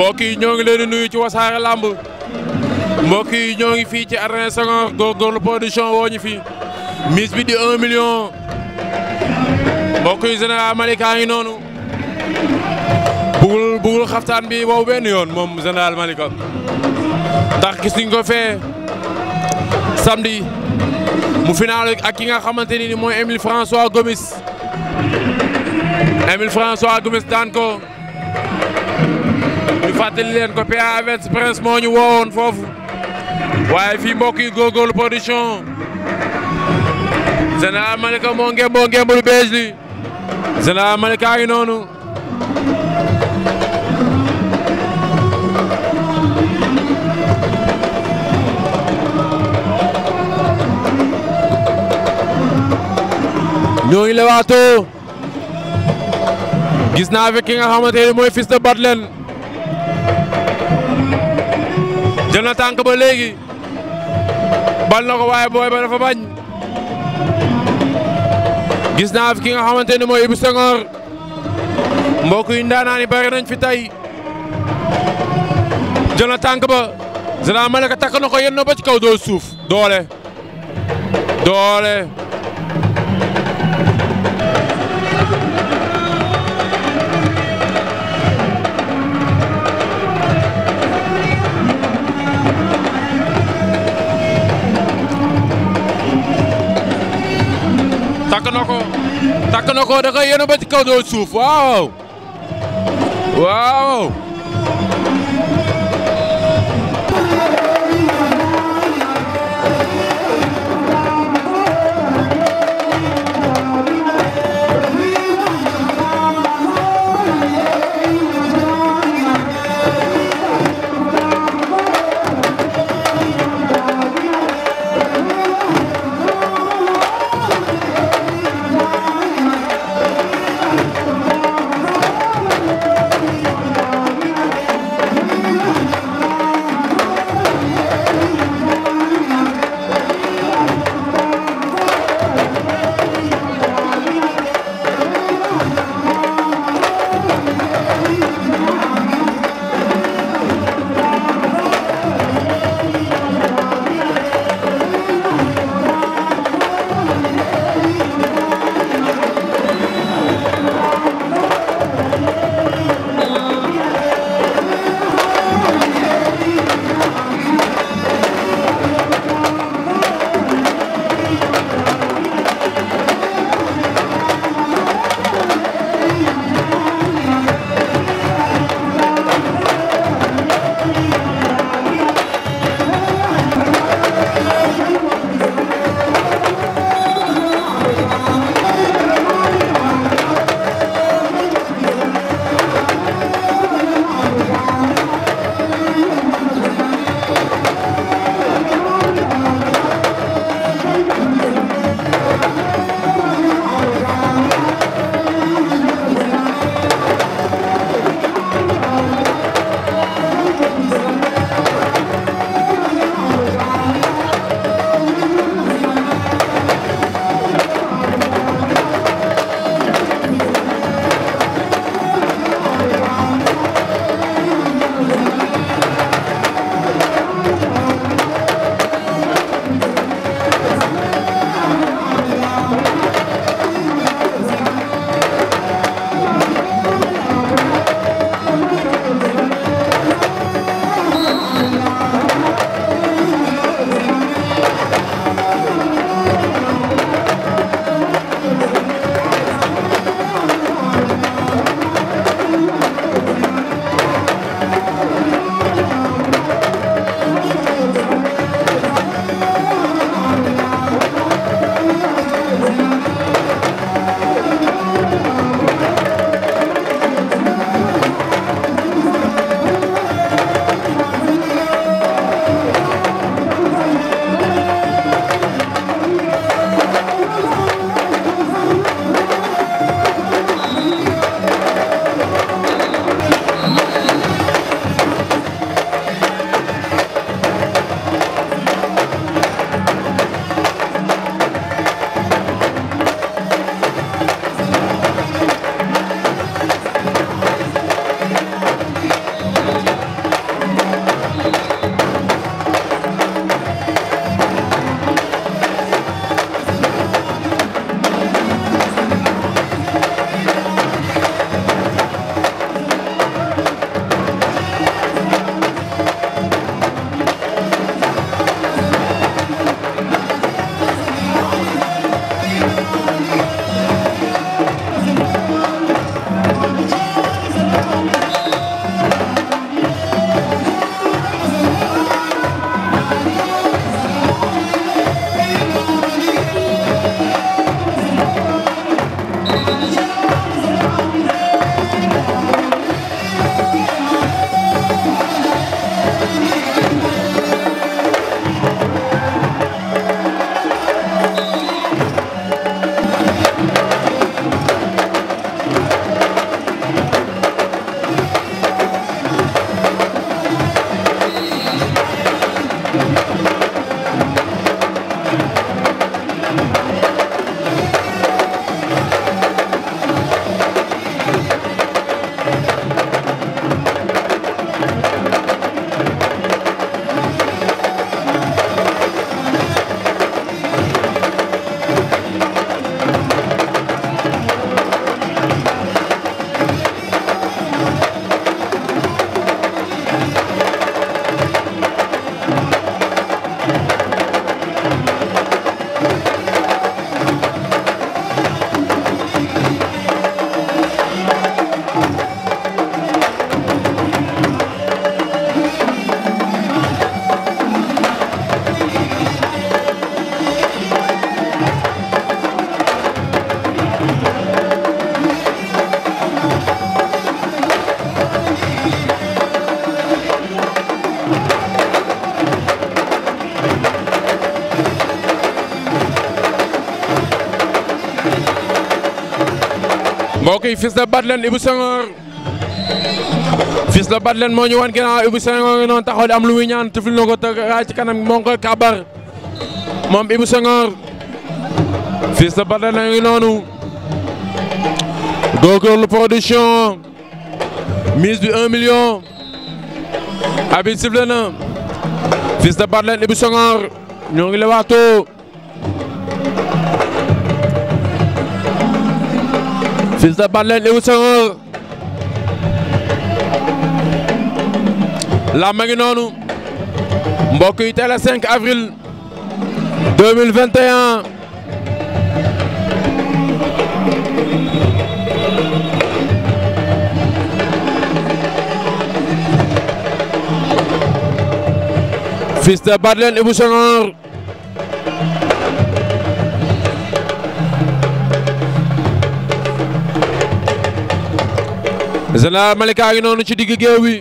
mbokk yi ñoo ngi leen nuyu ci wasaare làmb mbokk yi ñoo ngi fii ci arène Senghor góorgóorlu production woo ñu fi mise bi di 1 million mbokk yi général Malika ngi noonu bugul bugul xaftaan bi wow benn yoon moom général Malika ndax gis ko fee samedi mu final ak ki nga xamante ni mooy Émile François Gomis Émile François Gomis daan ko. ñu fàttali leen ko PA Events Press moo woowoon foofu waaye fii mbokk yi góorgóorlu production Général Malika moo ngem boo ngembul li Général Malika ngi noonu ñoo ngi lewaatoo gis naa fi ki nga mooy Fils de Batlen jël na tànk ba léegi bal na waaye booy ba dafa bañ gis naa fi ki nga xamante ni mooy Ibou Senghor mbokk yi ndaanaan yi bari nañ fi tay jël na tànk ba Général Malika takk na ko yenn ba ci kaw doo suuf doole doole takk na ko takk na ko da koy yéene ba ci doo suuf waaw waaw. yi Fils de Batlen Ibou Senghor Fils de Batlen moo ñu wan ginnaaw Ibou Senghor ngi noonu taxaw di am lu muy ñaan tufli na ko tëgg raay ci kanam moo ngi koy moom Ibou Senghor Fils de Batlen a ngi noonu góorgóorlu mise bi 1 million abit Fils de Batlene Ibou Senghor làmb ngi noonu mbokk yi teel a 5 avril 2021 Fils de Batlene Ibou Senghor Général Malika ngi noonu ci digg géew wi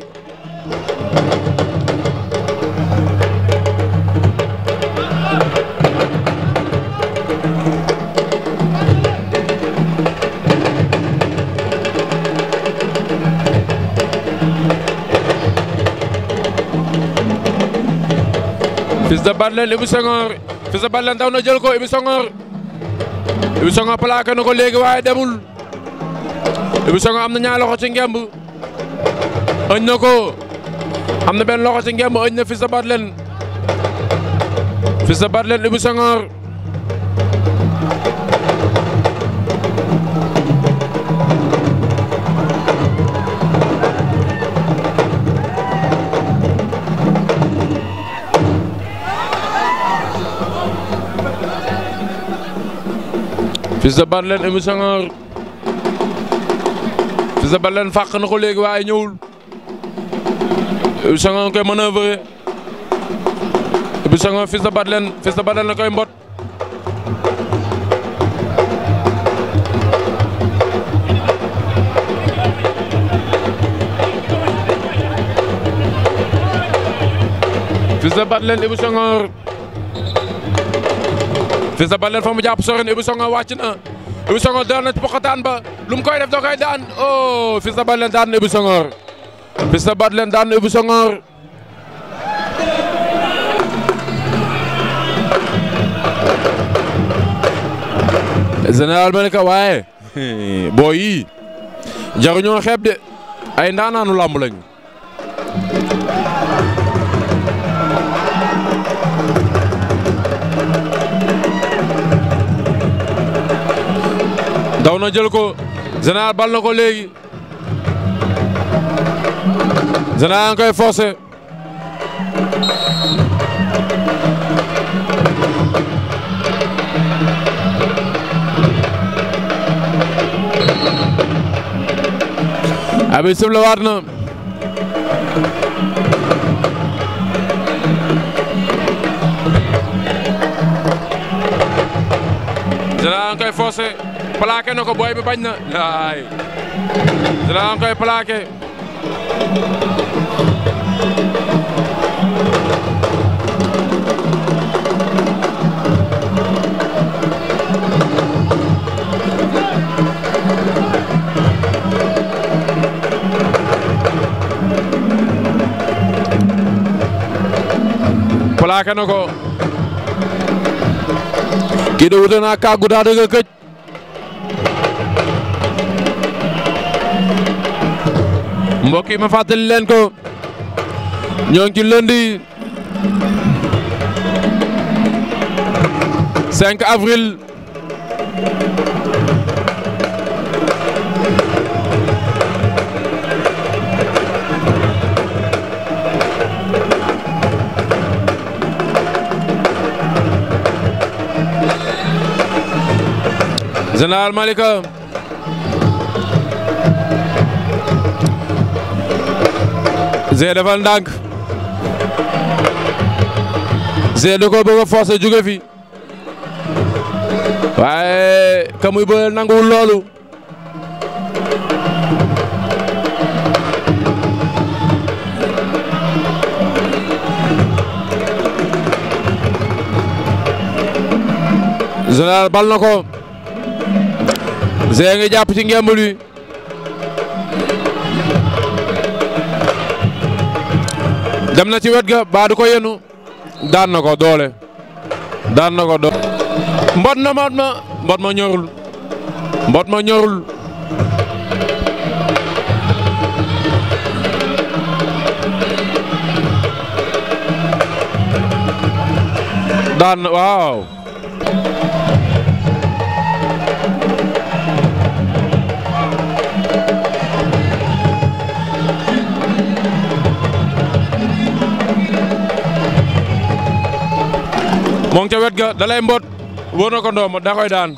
Fils de Batlene Ibou Senghor ko Ibou Senghor Ibou na ko léegi waaye demul Ibou Senghor am na ñaari loxo ci ngemb ëñ na ko am na benn loxo ci ngemb ëñ na Fils de Batlen Fils de Batlen Fils de Balla na ko léegi waaye ñëwul Sango koy manœuvrer bi Sango Fils de Balla Fils de Balla na koy mbot Fils de Balla Ibou Senghor Fils fa mu jàpp sori na Ibou Senghor na Ibou Senghor door na ba lu koy def da daan oh Fils de Batlem daan na Ibou Senghor Fils de daan na Ibou Senghor général waaye boo yii jaruñoo de ay ndaanaanu làmb lañu daw na jël ko Général bal na ko léegi Général nga koy forcé abi waat na Général nga koy plaqué na ko booy bi bañ na laay Zilal koy plaqué plaqué na kii de wute naa kàggu daa këj mbokk yi ma fàttali leen ko ñoo ngi ci lundi 5 avril Zé defal ndànk Zé da koo a forcer jóge fi waaye ka muy bëre nanguwul loolu Général bal na ko Zé ngi jàpp ci ngemb li dem na ci wet ga baa ko yenu daan na ko doole daan na ko doole. mbot na mbot ma mbot ma ñorul mbot ma ñorul. daan waaw. moo ca wet ga da lay mboot na ko ndoom da koy daan.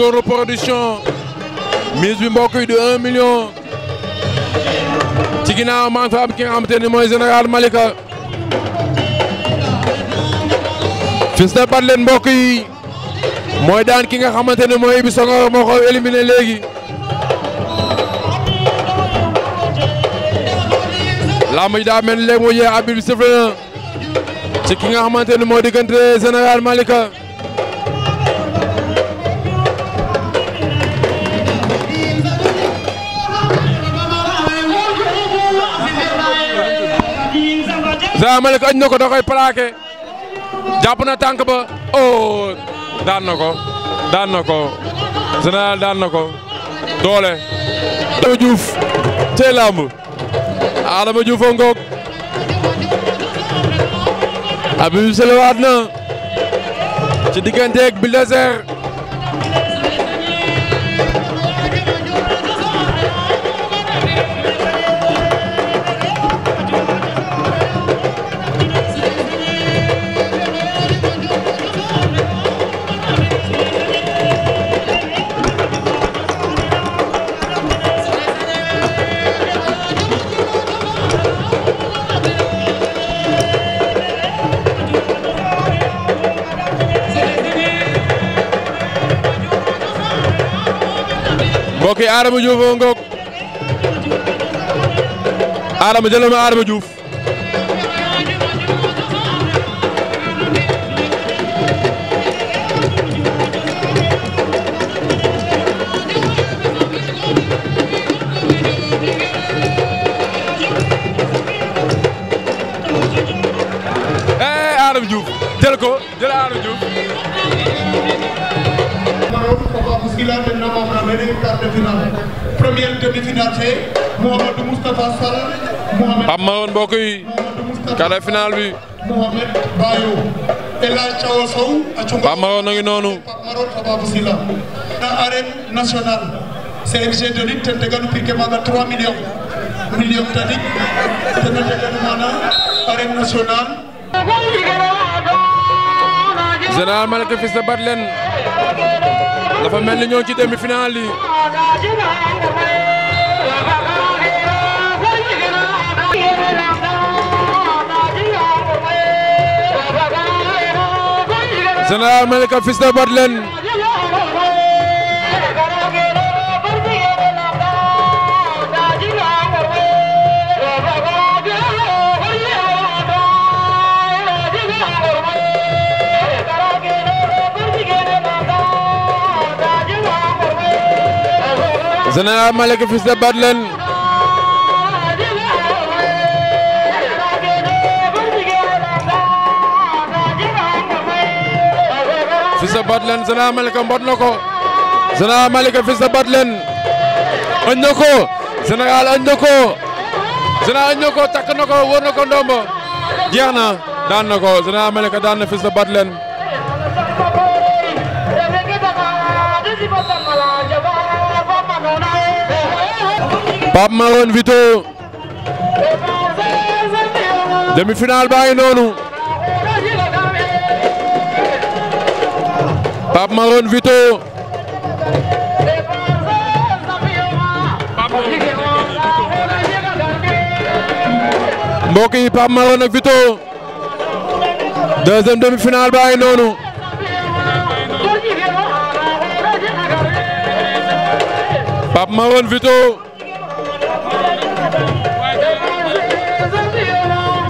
Gora production mise bi mbokk yi di 1 million ci ginnaaw maa am ki nga xamante ni mooy général Malika. Fils de Batlen mbokk yi mooy daan ki nga xamante ne mooy Ibi Senghor moo ko éliminé léegi. Lamb ji daa léegi moo jeex arbitre bi sifflé na ci nga xamante ne moo diggante général Malika. Général Malika añ na ko da jàpp na tànk ba oh daan na ko daan na ko Général daan na doole. Adama Diouf cee làmb Adama Diouf a ngoog Selewaat na ci digganteeg Bulldozer. mbokk yi Adama Diouf a ngoog Adama jëlal ma Adama Diouf eh Adama Diouf jël ko jël Adama Diouf Road Kopa Buskila den namamna mene quart de finale première demi-finale fe Mouhamadou Moustapha Sall Mouhamed Pape Mahone mbokk yi quart de finale bi Mouhamed Bayo El Hadj Thiaw Sow acunga Pape Mahone a ngi noonu Pape Mahone Kopa Buskila na arène nationale CNG de lutte ten teganu pique maaga 3 millions millions tadik tena teganu mana arène nationale Général Malika fils de Batlen dafa mel ni ñoo ci demi-finale yi. Général Malika Fils de Batlen Général Malika fils de Batlen fils de Batlen mbot na ko Général Malika fils de Batlen añ na ko Général añ na ko Général añ na ko takk na wër na ko jeex na daan na ko Général daan na fils de Pape Maroon Vito demi-finale baa noonu Pape Maroon Vito mbokk demi-finale baa noonu Pape Maroon Vito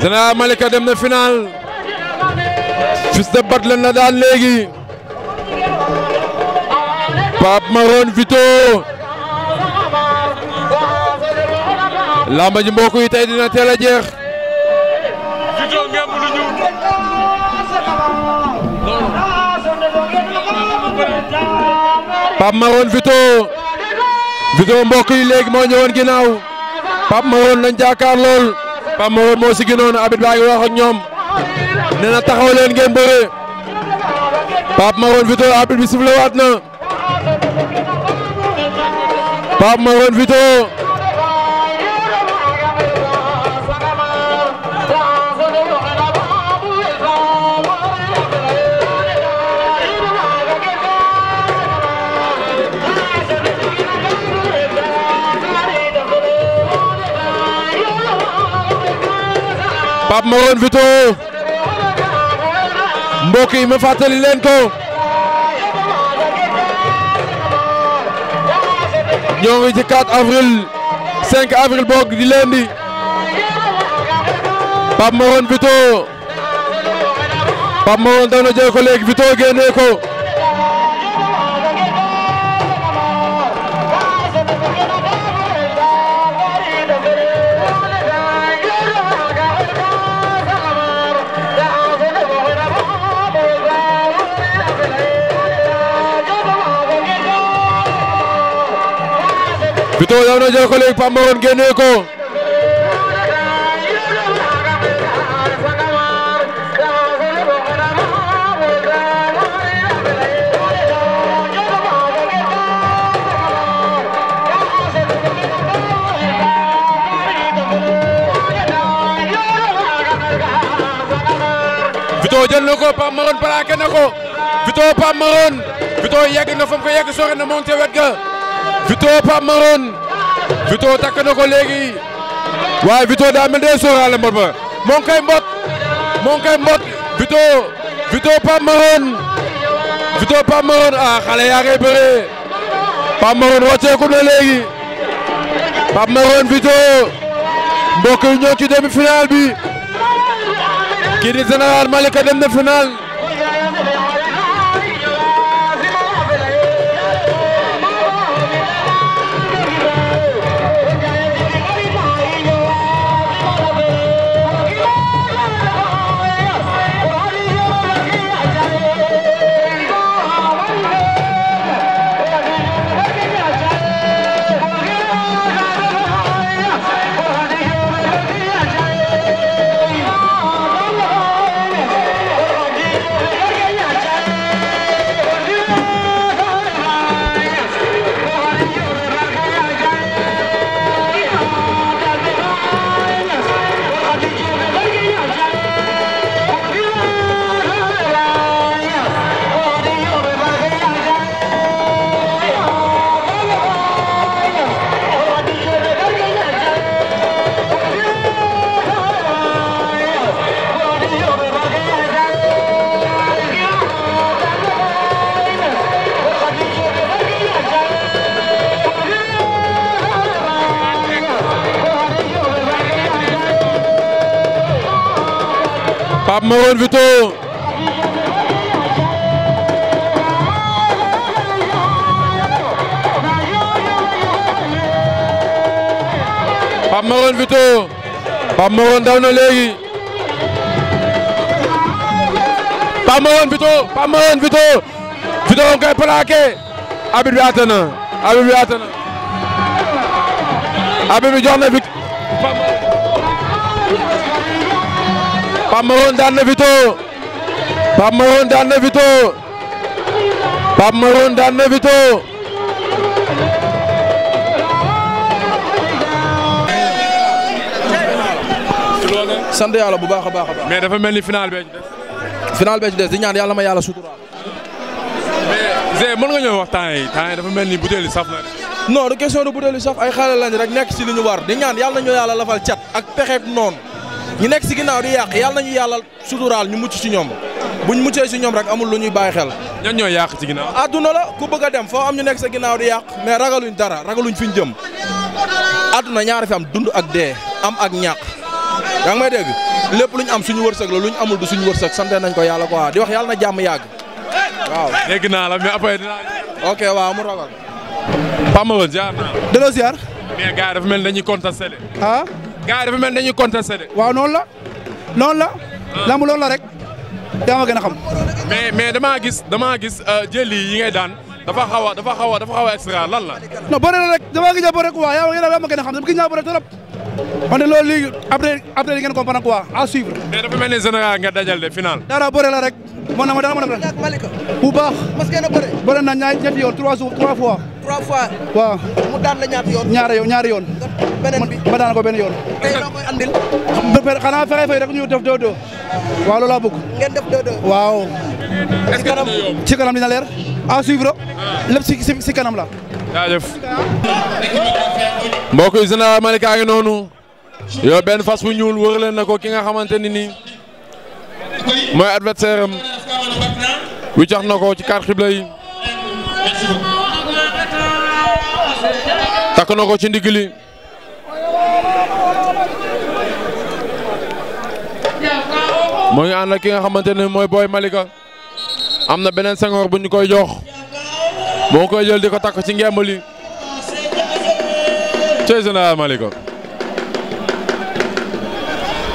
Général Malika dem na final Fils de Batlem la daan léegi Pape Maron Vito lamba ji mbokk yi tey a jeex. Vito ngeen lu ñu. Pape Maron Vito Vito mbokk yi léegi moo ñëwoon ginnaaw Pape Pape Mor moo si gënoon abit baa ngi wax ak ñoom na taxaw leen ngeen bëre Pape Maroon Vito abit bi sifflé waat na Pape Maroon Vito Pape Morone Vito mbokk i ma fàttali leen ko ñoo ngi ci avril 5 avril boog di lundi Pape Morone Vito Pape Morone daw na jël ko léegi Vito génnee ko. Bito daw na jël ko léegi Pape Morone ko Bito jël na ko Pape Morone na ko Bito Pape Morone Bito na fa mu ko yegg na moom ca wet Vito Pape Maroon Vito takk na ko léegi waaye Vito daa mel day mbot ba moo mbot moo ngi koy mbot Vito Vito Pape Maroon Vito Pape Maroon ah, léegi Pape Maroon Vito mbokk demi final bi kii di Général Malika dem na Marone Vito Pape Marone Vito Pape Marone daw na léegi Pape Marone Vito Pape Marone Vito Vito nga koy plaqué Habib bi àtte na bi àtte Pape Maroon daan na Vito Pape Maroon daan na Vito Pape Maroon daan na Vito sant yàlla bu baax a baax a baax. mais dafa mel ni final bee ci des. final bee ci des di ñaan yàlla ma yàlla suturaal. mais Zé mën nga ñëw wax temps yi temps yi dafa mel ni butéel yi saf na non du question de butéel yi saf ay xale lañ rek nekk ci li ñu war di ñaan yàlla nañu yàlla lafal cat ak pexeeg noonu. ñu nekk si ginnaaw di yàq yàlla nañu yàlla suturaal ñu mucc si ñoom buñ muccee si ñoom rek amul lu ñuy bàyyi xel. ñan ñooy yàq ci ginnaaw. àdduna la ku bëgg a dem foo am ñu nekk sa ginnaaw di yàq mais ragaluñ dara ragaluñ fi ñu jëm àdduna ñaari fi am dund ak dee am ak ñàkk yaa ngi may dégg lépp luñ am suñu wërsëg la luñ amul du suñu wërsëg sante nañ ko yàlla quoi di wax yàlla na jàmm yàgg waaw. dégg naa la mais après dinaa. ok waaw mu ragal. Paa ma woon ziar naa. delloo ziar. mais gars gars yi dafa mel dañuy contesté de. waa noonu la noonu la. Ah. lamb loolu la rek yaa ma gën a xam. mais mais damaa gis damaa gis euh, jëli yi ngay daan dafa xaw a dafa xaw a a extra lan la. non na rek damaa gis nga bëri yaa ma gën xam dama gis nga bëri trop. on est loolu léegi après di ngeen comprendre quoi à suivre. mais dafa dajal de final. dara bëri la rek. mën na ma daan mën na ma daan bu baax. mos ngeen a ñaar yoon trois jours trois fois. trois fois. waaw. mu daan la ñaata yoon. ñaari yoon ñaari yoon. ko benn yoon. xanaa fexe fay rek ñu def deux deux. waaw loolu waaw. est dina leer à suivre. Ah. lépp si si si kanam la. jaajëf. mbokk yi général noonu. yow benn fas bu ñuul wër leen ko ki nga xamante ni nii mooy adversaire wiccax na ko ci kaar xibla yi takk na ko ci ndigg li mu ki nga xamante ne mooy booy Malika am na beneen sengoor bu ñu koy jox moo koy jël di ko takk ci ngemb li cey général Malika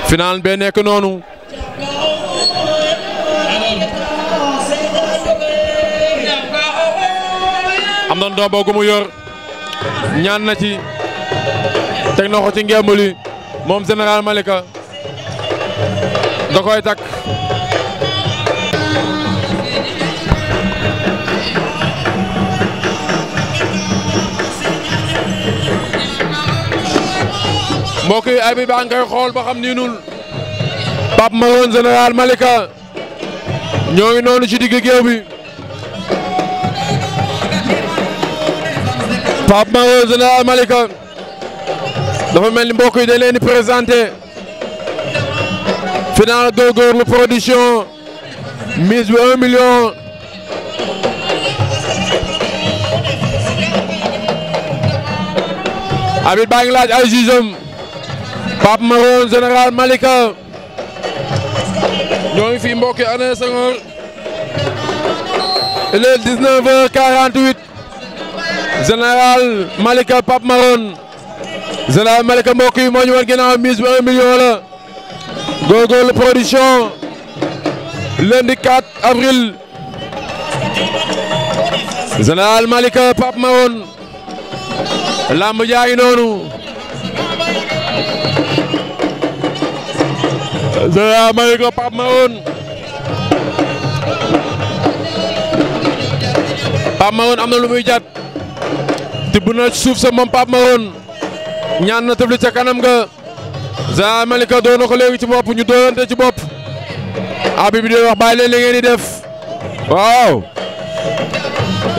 final bee nekk noonu am na ndombo gu mu yor ñaan na ci teg na ci ngemb moom général Malika da takk mbokk yi abi baa ngi xool ba xam ni nul Pape Maroon général Malika ñoo noonu ci digg géew bi Pape Maro Général Malika dafa mel ni mbokk yi dañ leen présenté final góorgóorlu production mise bi million. Habib baa ngi laaj ay jugeem Pape Maro Général Malika ñoo ngi fi mbokk yi année Senghor il est 19h48. général Malika Pape général Malika mbokk yi moo ñu war bi 1 million la góorgóorlu production lundi 4 avril tibb na suuf sa moom Pape Maroon ñaan na ca kanam nga Général Malika doon na ko ci bopp ñu doonante ci bopp abi bi di wax bàyyi leen li def waaw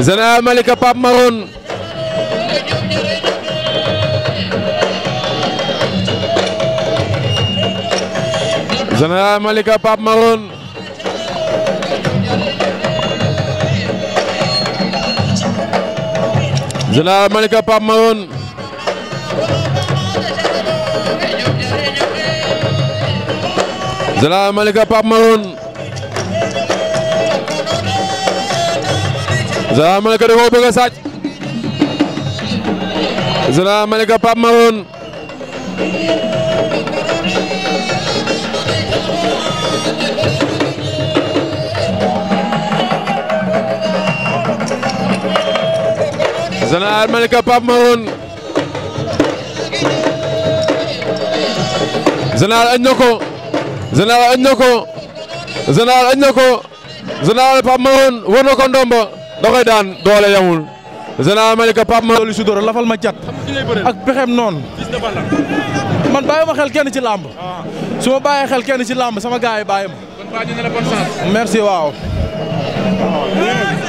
Général Malika Malika Pape Maroon Général Malika Pape Maroon Général Malika Pape Maroon Général Malika da koo bëgg a sàcc Général Malika Pape Maroon général Malika Pape Maroon général añ na ko général añ daan doole yamul général Malika Pape Maroon li su lafal ma jat ak pexem noonu man bàyyi xel kenn ci làmb su ma xel kenn ci làmb ah. sama gaay yi merci waaw ah.